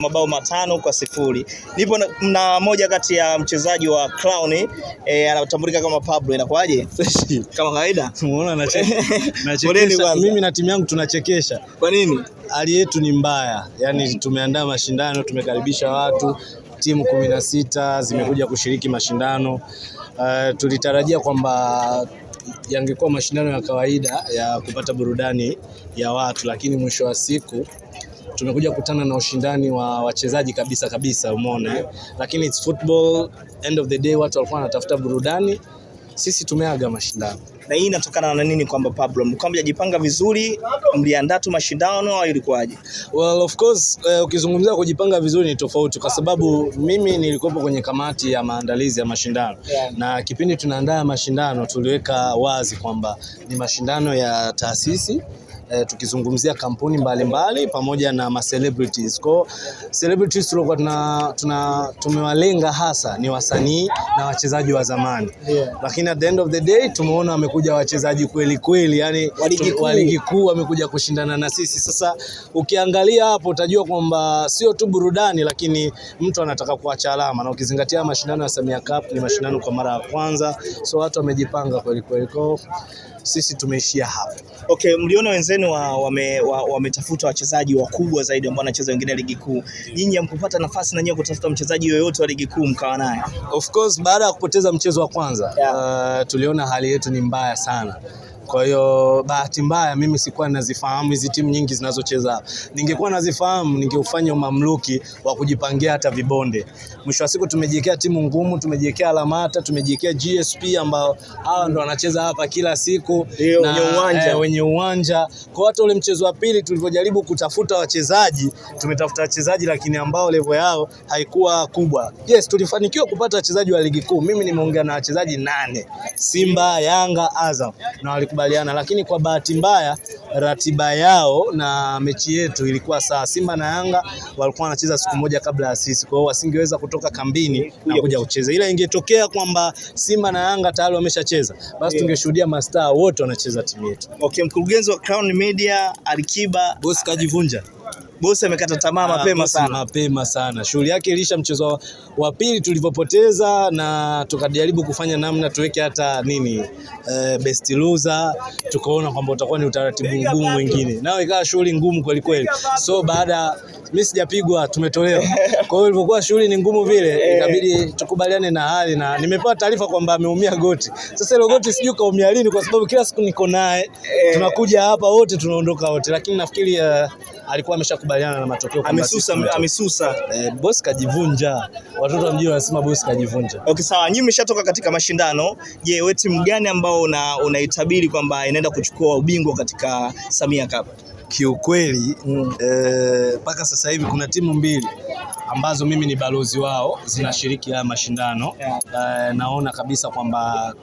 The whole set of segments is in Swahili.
mabao matano kwa sifuri. Nipo na, na moja kati ya mchezaji wa Clown eh, anatambulika kama Pablo. Inakuaje? Kama kawaida. Unaona anacheka. Nachekesha. Mimi na timu yangu tunachekesha. Kwa nini? Hali yetu ni mbaya. Yaani tumeandaa mashindano, tumekaribisha watu, timu kumi na sita zimekuja kushiriki mashindano. Uh, tulitarajia kwamba yangekuwa mashindano ya kawaida ya kupata burudani ya watu, lakini mwisho wa siku tumekuja kutana na ushindani wa wachezaji kabisa kabisa, umeona, lakini it's football end of the day, watu walikuwa wanatafuta burudani, sisi tumeaga mashindano. Na hii inatokana na nini? Kwamba Pablo mlikuwa mjajipanga vizuri, mliandaa tu mashindano au ilikuwaje? Well, of course uh, ukizungumzia kujipanga vizuri ni tofauti, kwa sababu mimi nilikuwepo kwenye kamati ya maandalizi ya mashindano yeah. Na kipindi tunaandaa mashindano tuliweka wazi kwamba ni mashindano ya taasisi eh, tukizungumzia kampuni mbalimbali mbali, pamoja na ma celebrities. Kwa celebrities tulikuwa tuna, tuna tumewalenga hasa ni wasanii na wachezaji wa zamani yeah. Lakini at the end of the day tumeona wamekuja wachezaji kweli kweli, yani wa ligi kuu wamekuja kushindana na sisi. Sasa ukiangalia hapo utajua kwamba sio tu burudani, lakini mtu anataka kuacha alama, na ukizingatia mashindano ya Samia Cup ni mashindano kwa mara ya kwanza, so watu wamejipanga kweli kweli kwa sisi tumeishia hapa. Okay, mliona wenzenu wametafuta wa, wa, wa wachezaji wakubwa zaidi ambao wanacheza wengine ligi kuu, nyinyi hamkupata nafasi na nyinyi kutafuta mchezaji yoyote wa ligi kuu mkawa naye? Of course baada ya kupoteza mchezo wa kwanza yeah. Uh, tuliona hali yetu ni mbaya sana kwa hiyo bahati mbaya mimi sikuwa nazifahamu hizi timu nyingi zinazocheza hapa. Ningekuwa nazifahamu ningeufanya umamluki wa kujipangia hata vibonde. Mwisho wa siku tumejiwekea timu ngumu, tumejiwekea Alamata, tumejiwekea GSP ambao hawa ndo wanacheza hapa kila siku Yo, na wenye uwanja, eh, wenye uwanja. Kwa hata ule mchezo wa pili tulivyojaribu kutafuta wachezaji, tumetafuta wachezaji lakini ambao level yao haikuwa kubwa. Yes, tulifanikiwa kupata wachezaji wa ligi kuu. Mimi nimeongea na wachezaji nane, Simba, Yanga, Azam na walikuwa kukubaliana, lakini kwa bahati mbaya ratiba yao na mechi yetu ilikuwa saa Simba na Yanga walikuwa wanacheza siku moja kabla ya sisi, kwa hiyo wasingeweza kutoka kambini na kuja kucheza. Ila ingetokea kwamba Simba na Yanga tayari wameshacheza, basi tungeshuhudia mastaa wote wanacheza timu yetu. Okay, mkurugenzi wa Crown Media Alikiba boss kajivunja bosi amekata tamaa ah, mapema sana, mapema sana. Shughuli yake ilisha mchezo wa pili tulivyopoteza, na tukajaribu kufanya namna tuweke hata nini e, best loser, tukaona kwamba utakuwa ni utaratibu mgumu mwingine, nao ikawa shughuli ngumu kweli kweli. So baada mimi sijapigwa, tumetolewa kwa hiyo ilivyokuwa shughuli ni ngumu vile, eh. ikabidi tukubaliane na hali, na nimepewa taarifa kwamba ameumia goti. Sasa ile goti sijui kaumia lini, kwa sababu kila siku niko naye, eh. tunakuja hapa wote, tunaondoka wote, lakini nafikiri uh, alikuwa ameshakubaliana na matokeo kwamba amesusa amesusa. Eh, boss kajivunja, watoto wa mjini wanasema boss kajivunja. Okay, sawa, nyinyi mmeshatoka katika mashindano. Je, we timu gani ambao unaitabiri una kwamba inaenda kuchukua ubingwa katika Samia Cup? kiukweli mm. Eh, mpaka mm. E, sasa hivi kuna timu mbili ambazo mimi ni balozi wao zinashiriki haya mashindano yeah. E, naona kabisa kwamba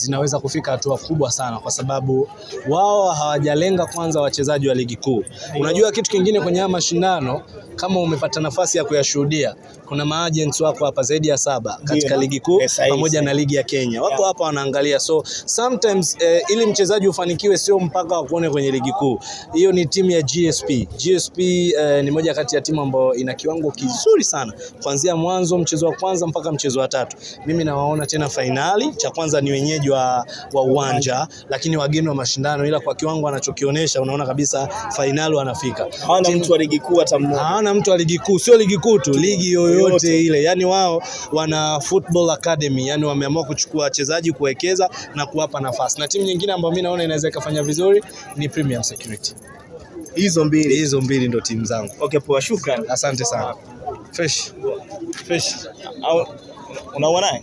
zinaweza kufika hatua kubwa sana, kwa sababu wao hawajalenga kwanza wachezaji wa ligi kuu. Unajua kitu kingine kwenye haya mashindano, kama umepata nafasi ya kuyashuhudia, kuna maagents wako hapa zaidi ya saba katika ligi kuu pamoja na ligi ya Kenya, wako hapa wanaangalia. So sometimes eh, ili mchezaji ufanikiwe sio mpaka wakuone kwenye ligi kuu. Hiyo ni timu ya GSP. GSP eh, ni moja kati ya timu ambayo ina kiwango kizuri sana kuanzia mwanzo, mchezo wa kwanza mpaka mchezo wa tatu. Mimi nawaona tena fainali, cha kwanza ni wenyeji wa, wa uwanja lakini wageni wa mashindano, ila kwa kiwango anachokionyesha unaona kabisa fainali wanafika. Hawana mtu wa ligi kuu hata mmoja, hawana mtu wa ligi kuu, sio ligi kuu tu, ligi yoyote ile. Yani wao wana football academy, yani wameamua kuchukua wachezaji kuwekeza na kuwapa nafasi. Na timu nyingine ambayo mimi naona inaweza ikafanya vizuri ni Premium Security. Hizo mbili, hizo mbili ndo timu zangu. Okay, poa, shukrani, asante sana. Fresh. Fresh. Au unaona naye?